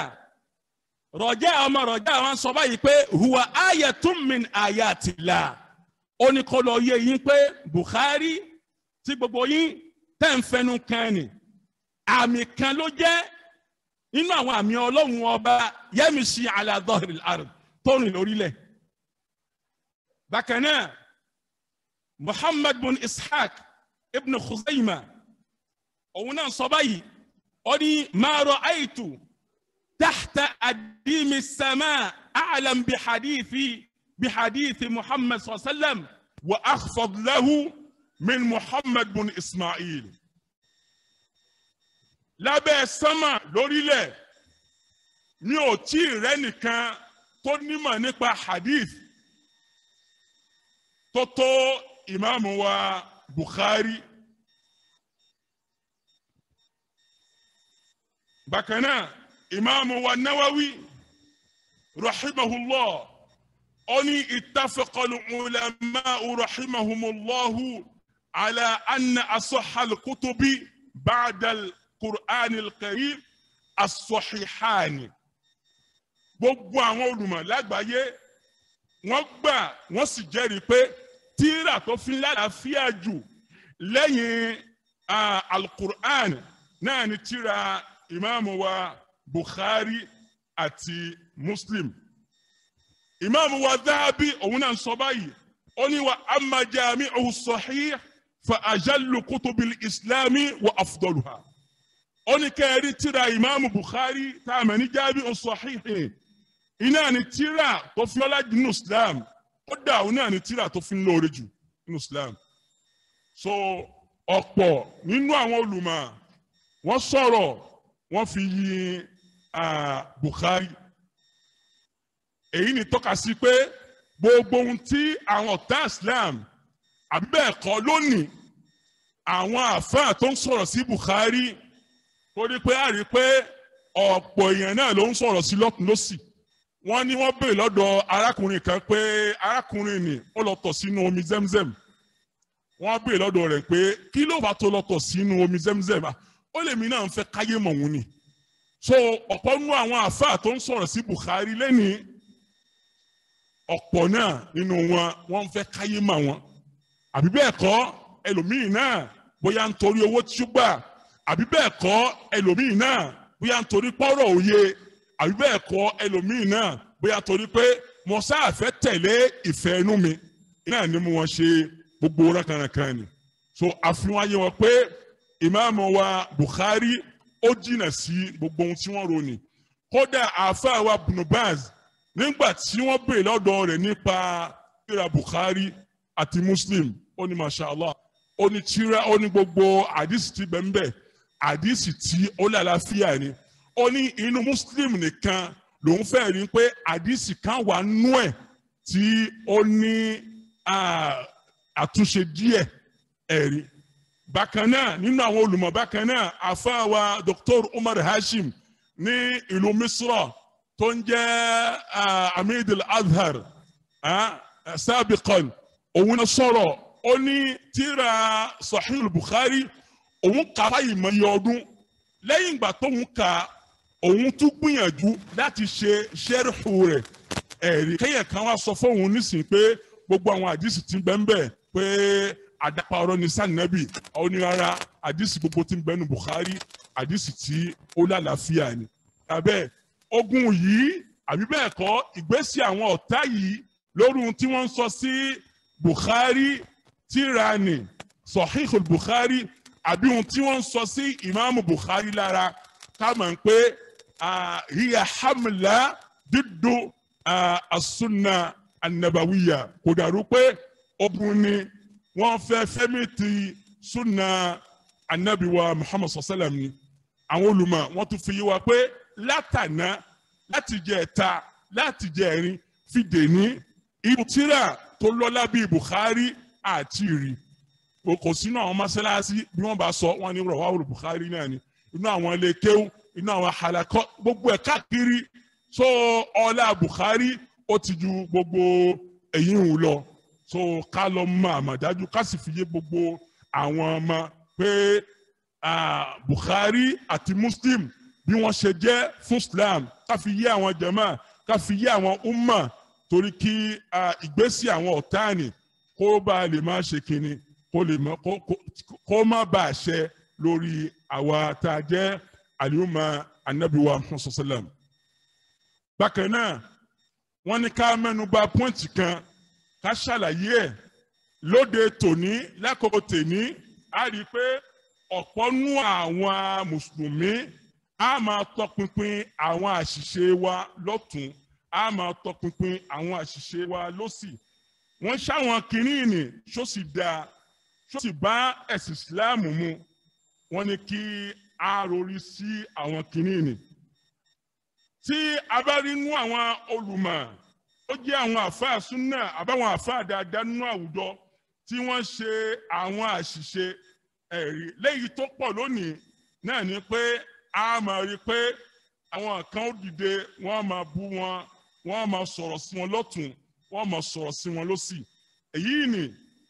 A: rọjá ọmọ rọjá wọn sọ báyìí pé huwa ayatun min ayatillah ó ní kó lọ yé yín pé Buhari tí gbogbo yín tẹ̀ ń fẹnu kan ni àmì kan ló jẹ́ nínú àwọn àmì ọlọ́run ọba yẹ́mísì aláàdọ́rì àrùn tó rìn lórílẹ̀. bákan náà Muhammad bin Ishaq ibn Khuzaima òun náà sọ báyìí ó ní ma ra'aytu tahta adimi sama a'lam hadithi. بحديث محمد صلى الله عليه وسلم وأخفض له من محمد بن إسماعيل لا لابا سما لوريلي ميو تي ريني كان توني ما نكبا حديث توتو إمام بخاري بكنا إمام ونووي رحمه الله أني اتفق العلماء رحمهم الله على أن أصح الكتب بعد القرآن الكريم الصحيحان gbogbo àwọn olùmọ̀ lágbàáyé wọ́n gbà wọ́n sì jẹ́rìí pé tíra tó fi lálàáfíà jù lẹ́yìn alukur'an náà ni tíra ìmáàmù wa Bukhari àti Muslim imaamu wa dábì òun náà sọ báyìí ó ní wa amma jami'u sahih fa ajallu kutubil islami wa afdaluha ó ní kẹ́ẹ̀rí tíra imaamu bukhari tá a mọ̀ ní iná ni tíra tó fi ọlá nínú islam ó dà òun náà ni tíra tó fi ń lóore jù nínú islam so ọ̀pọ̀ nínú àwọn olùmọ̀ wọ́n sọ̀rọ̀ wọ́n fi yin bukhari èyí ni tọ́ka sí pé gbogbo ohun tí àwọn ọ̀tá Islam àbí bẹ́ẹ̀ kọ́ lónìí àwọn àfáà tó ń sọ̀rọ̀ sí Bukhari torí pé a rí i pé ọ̀pọ̀ èèyàn náà ló ń sọ̀rọ̀ sí lọ́tún wọ́n ní wọ́n béèrè lọ́dọ̀ arákùnrin kan pé arákùnrin ni ó lọ tọ̀ sínú omi zemzem wọ́n béèrè lọ́dọ̀ rẹ̀ pé kí ló bá tó lọ tọ̀ sínú omi zemzem ó lè mí náà ń fẹ́ káyé mọ̀ òun ni so ọ̀pọ̀ nú àwọn àfáà tó ń sọ̀rọ̀ sí Bukhari lẹ́nìí ọ̀pọ̀ náà nínú wọn wọ́n ń fẹ́ káyé mà wọn àbí bẹ́ẹ̀ kọ́ ẹlòmíì náà bóyá nítorí owó tí ó gbà àbí bẹ́ẹ̀ kọ́ ẹlòmíì náà bóyá nítorí pọ́rọ̀ òye àbí bẹ́ẹ̀ kọ́ ẹlòmíì náà bóyá torí pé mo sáà fẹ́ tẹ̀lé ìfẹ́ inú mi náà ni mo wọn ṣe gbogbo rákàràkàn ni so àfihàn ayé wọn pé ìmáàmù wa Bukhari ó jìnnà sí gbogbo ohun tí wọ́n rò kódà àáfàá wa Ibn Baz nígbà tí wọ́n bèè lọ́dọ̀ rẹ̀ nípa tírà Bukhari àti Muslim ó ní masha Allah ó ní tírà ó ní gbogbo àdìsí ti bẹ́ẹ̀ àdìsí tí ó lálàáfíà ni ó ní inú Muslim nìkan lòun fẹ́ rí pé àdìsí kan wà nú ẹ̀ tí ó ní àtúnṣe díẹ̀ ẹ̀rí bákan náà nínú àwọn olùmọ̀ bákan náà àfáà wa Dr. Umar Hashim ní ìlú Misra tó ń jẹ́ amid al-azhar sabiqan òun náà sọ̀rọ̀ ó ní tíra sahih al-bukhari òun kà báyìí mọ iye ọdún lẹ́yìn ìgbà tóun kà òun tún gbìyànjú láti ṣe ṣẹ́rìfù rẹ̀ ẹ̀rí kẹ́yìn kan wá sọ fóun nísìnyí pé gbogbo àwọn àdìsí ti ń pé àdàpà ọ̀rọ̀ ní sànẹ́bì onírara àdìsí gbogbo ti ń bẹ́nu bukhari àdìsí tí ó lálàáfíà ni tàbẹ́ẹ̀ ogun yìí àbí bẹ́ẹ̀ kọ́ ìgbésí àwọn ọ̀tá yìí lórí ohun tí wọ́n ń sọ sí Bukhari tirani Sahihul Bukhari àbí ohun tí wọ́n ń sọ sí ìmáàmù Bukhari lára ká mọ̀ pé hiya hamla dídú asunna anabawiya kò dàrú pé ogun ni wọ́n fẹ́ fẹ́mi ti sunna anabiwa Muhammad sallam ni àwọn olùmọ̀ wọ́n tún fi yí wa pé látàná láti jẹ ẹ̀ta láti jẹ ẹ̀rin fi dèní irú tírà tó lọ́lá bíi Bukhari àti ìrì kò sínú àwọn mọ́sálásí bí wọ́n bá sọ wọ́n ní rọ̀wáwòrò Bukhari náà ni inú àwọn ilé kéwù inú àwọn àlàkọ́ gbogbo ẹ̀ káàkiri so ọlá Bukhari ó ti ju gbogbo èyí ń lọ so ká lọ mọ àmọ̀dájú ká sì fi yé gbogbo àwọn ọmọ pé Bukhari àti Muslim bí wọ́n ṣe jẹ́ fún Islam ká fi yé àwọn jàmá ká fi yé àwọn umma torí kí ìgbésí àwọn ọ̀tá ni kó bá lè má ṣe kínní kó má bàa ṣe lórí àwa tá a jẹ́ àlùmọ̀ anabiwa musasalam. bákan náà wọ́n ní ká mẹ́nuba pọ́ǹtì kan ká ṣàlàyé ẹ̀ lóde tòní lákòókò tèní a rí i pé ọ̀pọ̀ nú àwọn mùsùlùmí a máa tọpinpin àwọn àṣìṣe wa lọ́tún a máa tọpinpin àwọn àṣìṣe wa lọ́sì wọ́n ṣáwọn kìíní nì ṣó sì dáa bá ẹ̀sìn ìsìláàmù mu wọ́n ní kí a rori sí àwọn kìíní nì tí a bá rí inú àwọn olùmọ̀ ó jẹ́ àwọn àfáà súnà àbáwọn àfáà dáadáa nínú àwùjọ tí wọ́n ṣe àwọn àṣìṣe ẹ̀rí léyìí tó pọ̀ lónìí náà ni pé a máa rí i pé àwọn kan ó dìde wọ́n á máa bú wọn wọ́n á máa sọ̀rọ̀ sí wọn lọ́tún wọ́n á máa sọ̀rọ̀ sí wọn lọ́sì èyí ni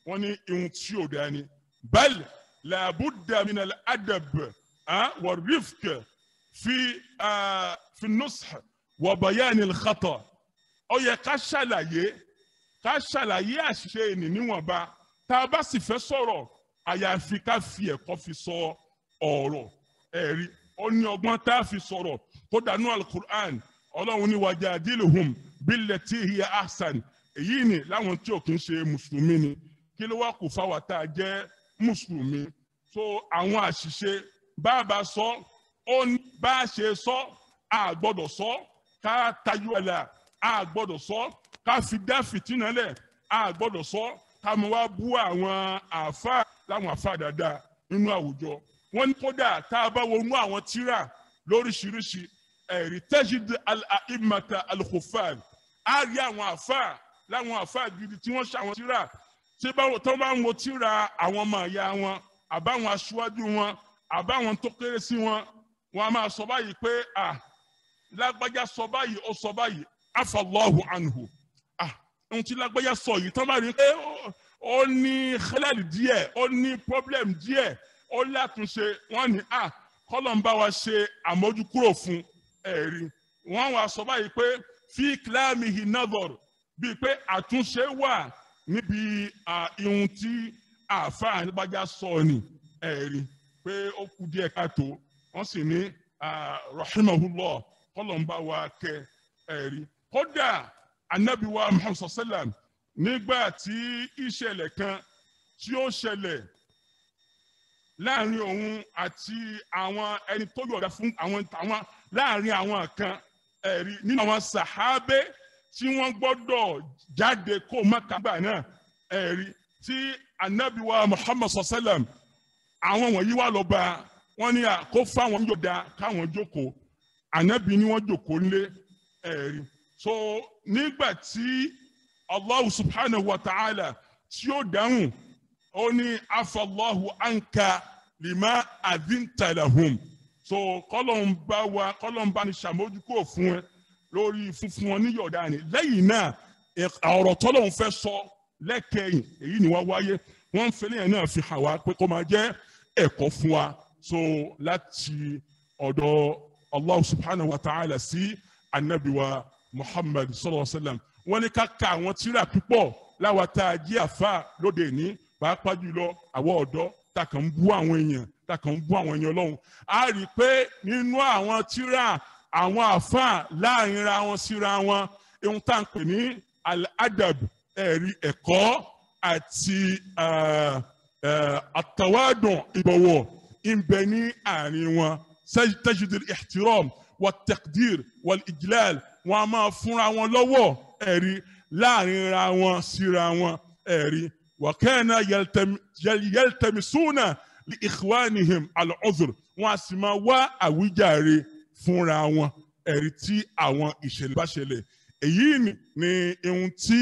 A: wọ́n ní ihun tí ò dá ni bẹ́ẹ̀lì làbúdà mi nàlẹ́ àdàbẹ̀ wà rìfkẹ̀ fi fi nùsà bàyà ni lẹ́kàtọ̀ ó yẹ ká ṣàlàyé ká ṣàlàyé àṣìṣe ènì níwọ̀nba tá a bá sì fẹ́ sọ̀rọ̀ àyàfi ká fi ẹ̀kọ́ fi sọ ọ̀rọ̀ ẹ̀rí ó ní ọgbọ́n tá a fi sọ̀rọ̀ kó dànù alukur'an ọlọ́run ní wajadiluhum billati hiya ahsan èyí ni láwọn tí ò kí ń ṣe mùsùlùmí ni kí ló wá kù fáwa tá a jẹ́ mùsùlùmí so àwọn àṣìṣe bá sọ ó ní bá a ṣe sọ a gbọ́dọ̀ sọ ká tajú ẹ̀là a gbọ́dọ̀ sọ ká fi dá fìtínà lẹ̀ a gbọ́dọ̀ sọ ká mọ wá bú àwọn àáfàá láwọn àáfàá dáadáa nínú àwùjọ wọ́n ní kódà tá a bá wọnú àwọn tíra lóríṣiríṣi ẹ̀rí tajid al-a'immata al-khuffaz á rí àwọn àfáà láwọn àfáà gidi tí wọ́n ṣàwọn tíra tí wọ́n bá ń wo tíra àwọn ọmọ ìyá wọn àbáwọn aṣíwájú wọn àbáwọn tó kéré sí wọn wọn a máa sọ báyìí pé à lágbájá sọ báyìí ó sọ báyìí afallahu anhu à ohun tí lágbájá sọ yìí tán bá rí i pé ó ní khalal díẹ̀ ó ní problem díẹ̀ ó látúnṣe wọ́n ní à ah, kọ́lọ́n bá wa ṣe àmójúkúrò fún ẹ̀rí wọ́n wá sọ báyìí pé fi kíláàmì hinavor bíi pé àtúnṣe wà níbi ihun tí àáfàá nígbàjá sọ ni ẹ̀rí pé ó kù díẹ̀ káàtó wọ́n sì ní rahimahullah kọ́lọ́n bá wa kẹ ẹ̀rí kódà anabiwa muhammadu sallam nígbà tí ìṣẹ̀lẹ̀ kan tí ó ṣẹlẹ̀ láàrin òun àti àwọn ẹni tó yọ̀dá fún àwọn tàwọn láàrin àwọn kan ẹ̀rí nínú àwọn sàhábé tí wọ́n gbọ́dọ̀ jáde kó mọ́kàgbà náà ẹ̀rí tí anabiwa muhammad sallam àwọn wọ̀nyí wà lọ́ba wọ́n ní àkó fáwọn yọ̀dá káwọn jókòó anabi ni wọ́n jókòó lé ẹ̀rí so nígbà tí allah subhanahu wa ta'ala tí ó dáhùn ó ní afọlọ́hu anka lima adintalahum so kọlọ́nba wa kọlọ́nba ni sàmójúkò fún ẹ lórí fúnfún wọn níyọ̀dá ni lẹ́yìn náà ọ̀rọ̀ tọ́lọ́hún fẹ́ sọ lẹ́kẹ̀yìn èyí ni wọ́n wáyé wọ́n fẹ́lẹ́ yẹn náà fi hàn wá pé kó máa jẹ́ ẹ̀kọ́ fún wa so láti ọ̀dọ̀ allah subhanahu wa ta'ala sí anabi wa muhammad sallallahu alayhi wa sallam wọ́n ní ká ka àwọn tírà púpọ̀ láwa tá a jí àfa lóde ní pàápàá jùlọ àwọn ọ̀dọ́ ta kàn ń bú àwọn èèyàn ta kàn ń bú àwọn èèyàn ọlọ́run a rí i pé nínú àwọn tírà àwọn àfáà láàrin ra wọn síra wọn ohun tá à ń pè ní al-adab ẹ̀rí ẹ̀kọ́ àti àtàwádùn ìbọ̀wọ̀ ń ní àárín wọn tajidul ihtiram wa taqdir wal ijlal wọn a máa fúnra wọn lọ́wọ́ ẹ̀rí láàrin ra wọn síra wọn ẹ̀rí وكان يلتم يلتمسون لإخوانهم العذر wọn a sì máa wá àwíjàre fúnra wọn ẹ̀rí tí àwọn ìṣẹ̀lẹ̀ bá ṣẹlẹ̀ èyí ni ohun tí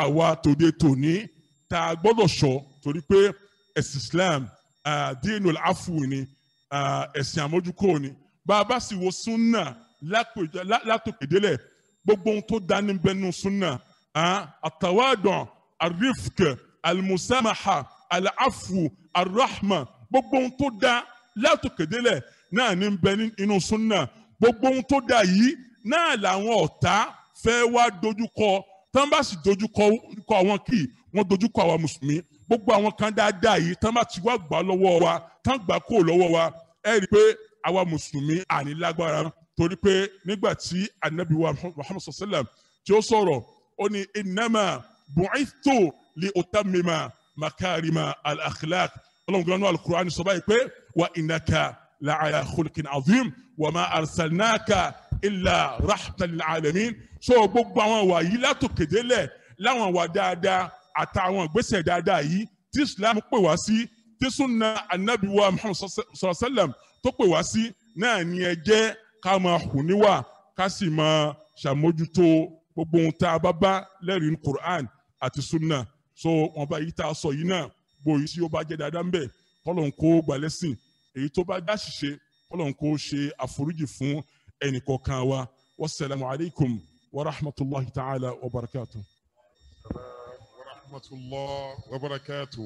A: àwa tòde tòní tá a gbọ́dọ̀ sọ torí pé ẹ̀sìn Islam dínul afu ni ẹ̀sìn àmójúkò ni bá a bá sì wo súnà látòkèdélẹ̀ gbogbo ohun tó dání bẹ́nu súnà àtàwádàn àrífkẹ́ alimusamaha alaafu arahma gbogbo ohun tó dáa látòkèdélẹ̀ náà ní bẹ nínú súnà gbogbo ohun tó dáa yìí náà làwọn ọ̀tá fẹ́ wá dojúkọ tán bá sì dojúkọ àwọn kì í wọ́n dojúkọ àwa mùsùlùmí gbogbo àwọn kan dáadáa yìí tán bá ti wá gbà lọ́wọ́ wa tán gbà kó lọ́wọ́ wa ẹ rí i pé àwa mùsùlùmí àní torí pé nígbà tí anabi wa sallam tí ó sọ̀rọ̀ ó ní innama bu'ithtu li utammima makarima al-akhlaq ọlọ́run gan-an al-Qur'an sọ báyìí pé wa innaka la'ala khulqin azim wa ma arsalnaka illa rahmatan lil alamin so gbogbo àwọn wà yìí látòkèdélẹ̀ láwọn wà dáadáa àtàwọn ìgbésẹ̀ dáadáa yìí tí islam pè wá sí tí sunna anabi muhammad sallallahu alayhi wa sallam tó pè wá sí náà ni ẹ jẹ́ ká máa hùn níwà ká sì máa ṣàmójútó gbogbo ohun tá a bá bá lẹ́rìí ní quran àti sunna so wọn bá yìí tá a sọ yìí náà bó yìí tí ó bá jẹ́ dáadáa ń bẹ kọ́lọ́n kó gbalẹ́sìn èyí tó bá dá ṣiṣe kọ́lọ́n kó ṣe àforíjì fún ẹnìkọ̀ọ̀kan wa wasalaamu alaykum wa rahmatulahi ta'ala wa barakatu. wa rahmatulah wa barakatu.